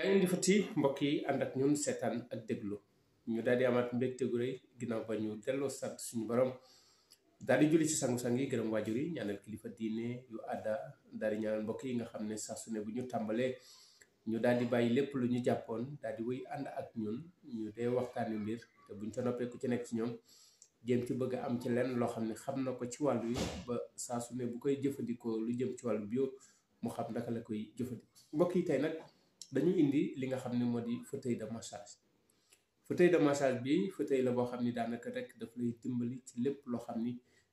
yaa ngi defati mbokk yi ànd ak ñun seetaan ak déglu ñu daal di amaat mbégte ba ñu delloo sant suñu borom daal di julli ci sangu-sang yi gërëm waajur yi ñaanal kilifa diine yu àdda daal di mbokk yi nga xam ne saa su bu ñu tàmbalee ñu daal di bàyyi lépp lu ñu jàppoon daal di ànd ak ñun ñu dee waxtaani mbir te buñ ca noppee ku ci nekk ci ñoom jéem ci bëgg am ci lenn loo xam ne xam na ko ci wàllu yi ba saa su ne bu koy jëfandikoo lu jëm ci wàllu bio mu xam naka la koy jëfandikoo mbokk tey nag dañu indi li nga xam ne moo di fauteuil de massage fauteuil de massage bi fauteuil la boo xam ni daanaka rek daf lay dimbali ci lépp loo xam ni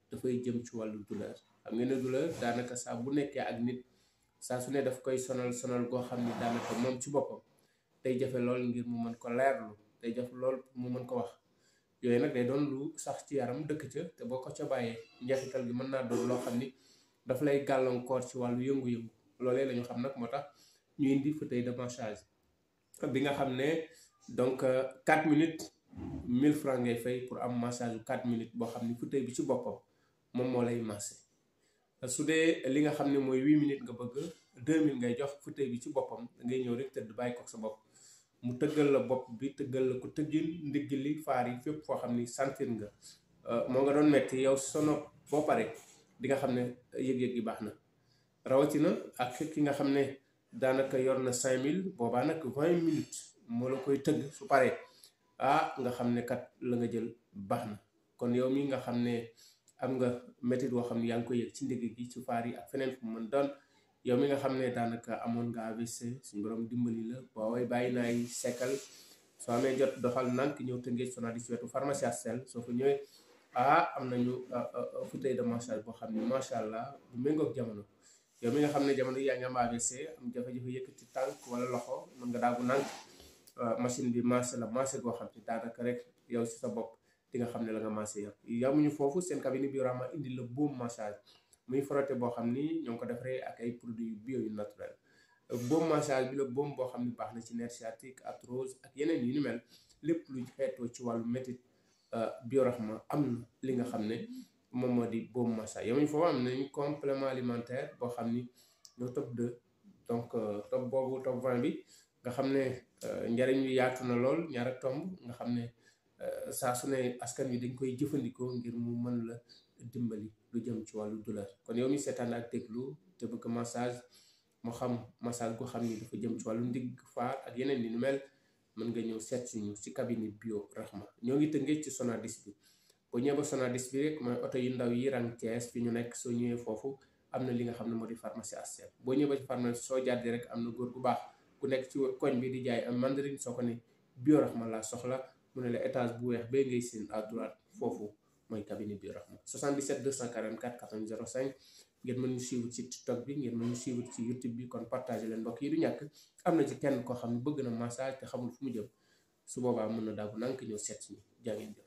dafay jëm ci wàllu douleur xam nga ne douleur daanaka saa bu nekkee ak nit saa su ne daf koy sonal sonal goo xam ni daanaka ci boppam day jafe lool ngir mu mën ko leerlu day jafe lool mu mën ko wax yooyu nag day doon lu sax ci yaram dëkk ca te boo ko ca bàyyee njeexital bi mën naa doon loo xam ni daf lay gàllankoor ci wàllu yëngu-yëngu loolee la xam nag moo tax ñu indi fauteuil de massage bi nga xam ne donc 4 euh, minute mille francs ngay fay pour am massage bu minute boo xam ne fauteuil bi ci boppam moom moo lay massé su dee li nga xam ne mooy 8 minutes nga bëgg 2000 ngay jox fauteuil bi ci boppam ngay ñëw rek tëdd bàyyi ko sa bopp mu tëggal la bopp bi tëggal la ko tëggin ndigg li faar yi fépp foo xam ni sentir nga euh, moo nga doon metti yow sono boo pare di nga xam ne yëg-yëg gi baax na rawatina daanaka yor na cinq mille boobaa nag vingt minutes moo la koy tëgg su paree ah nga xam ne kat la nga jël baax na kon yow mii nga xam ne am nga métit woo xam ne yaa ngi koy yëg ci ndigg gi ci faar yi ak feneen fu mën doon yow mi nga xam ne daanaka amoon nga AVC suñ borom dimbali la boo way bàyyi naay sekkal soo amee jot doxal nank ñëw tëngee Sonadis wetu pharmacie sel soo fa ñëwee ah am nañu ah, ah, ah, fauteuil de massage boo xam ne macha allah bu méngoog jamono yow mi nga xam ne jamono yaa ngi am AVC am jafe-jafe yëkkati tànk wala loxo mën nga daagu nànk euh, machine bi maase la maase goo xam ne daanaka rek yow si sa bopp di nga xam ne la nga maase yow yamuñu foofu seen cabinet Biorama indi la baume massage muy frotté boo xam ni ñoo ngi ko defaree ak ay produits bio yu naturel baume massage bi la boo xam ne baax na ci nerf sciatique arthrose ak yeneen yu ni mel lépp lu xeetoo ci wàllu métit euh, Biorama am na li nga xam ne moom moo di boobu massa yemuñu foofu am nañu complément alimentaire boo xam ni ñoo top 2 donc euh, top boobu top 20 bi nga xam ne euh, njariñ bi yaatu na lool ñaar ak tomb nga xam ne euh, saa su ne askan wi dañ koy jëfandikoo ngir mu mën la dimbali lu jëm ci wàllu douleur kon yow mi seetaan ak déglu te bëgg massage moo xam massage goo xam ni dafa jëm ci wàllu ndigg faar ak yeneen ni nu mel mën nga ñëw seet suñu si cabinet bio ma ñoo ngi tënkee ci Sonadis bi boo ñëwee ba Sonadis bi rek mooy oto yu ndaw yi rang Thiès fi ñu nekk soo ñëwee foofu am na li nga xam ne moo di pharmacie HCM boo ñëwee ba ci pharmacie soo jàddee rek am na góor gu baax ku nekk ci koñ bi di jaay am mandarine soo ko ne Biorahma laa soxla mu ne la étage bu weex bee ngay seen à droite foofu mooy cabinet Biorahma 77 244 14 05 ngeen mën ñu suivre ci TikTok bi ngeen mën ñu suivre ci YouTube bi kon partagé leen mbokk yi du ñàkk am na ci kenn koo xam ne bëgg na massage te xamul fu mu jëm su boobaa mun na daagu nank ñëw seet si ñu jaa ngeen jëf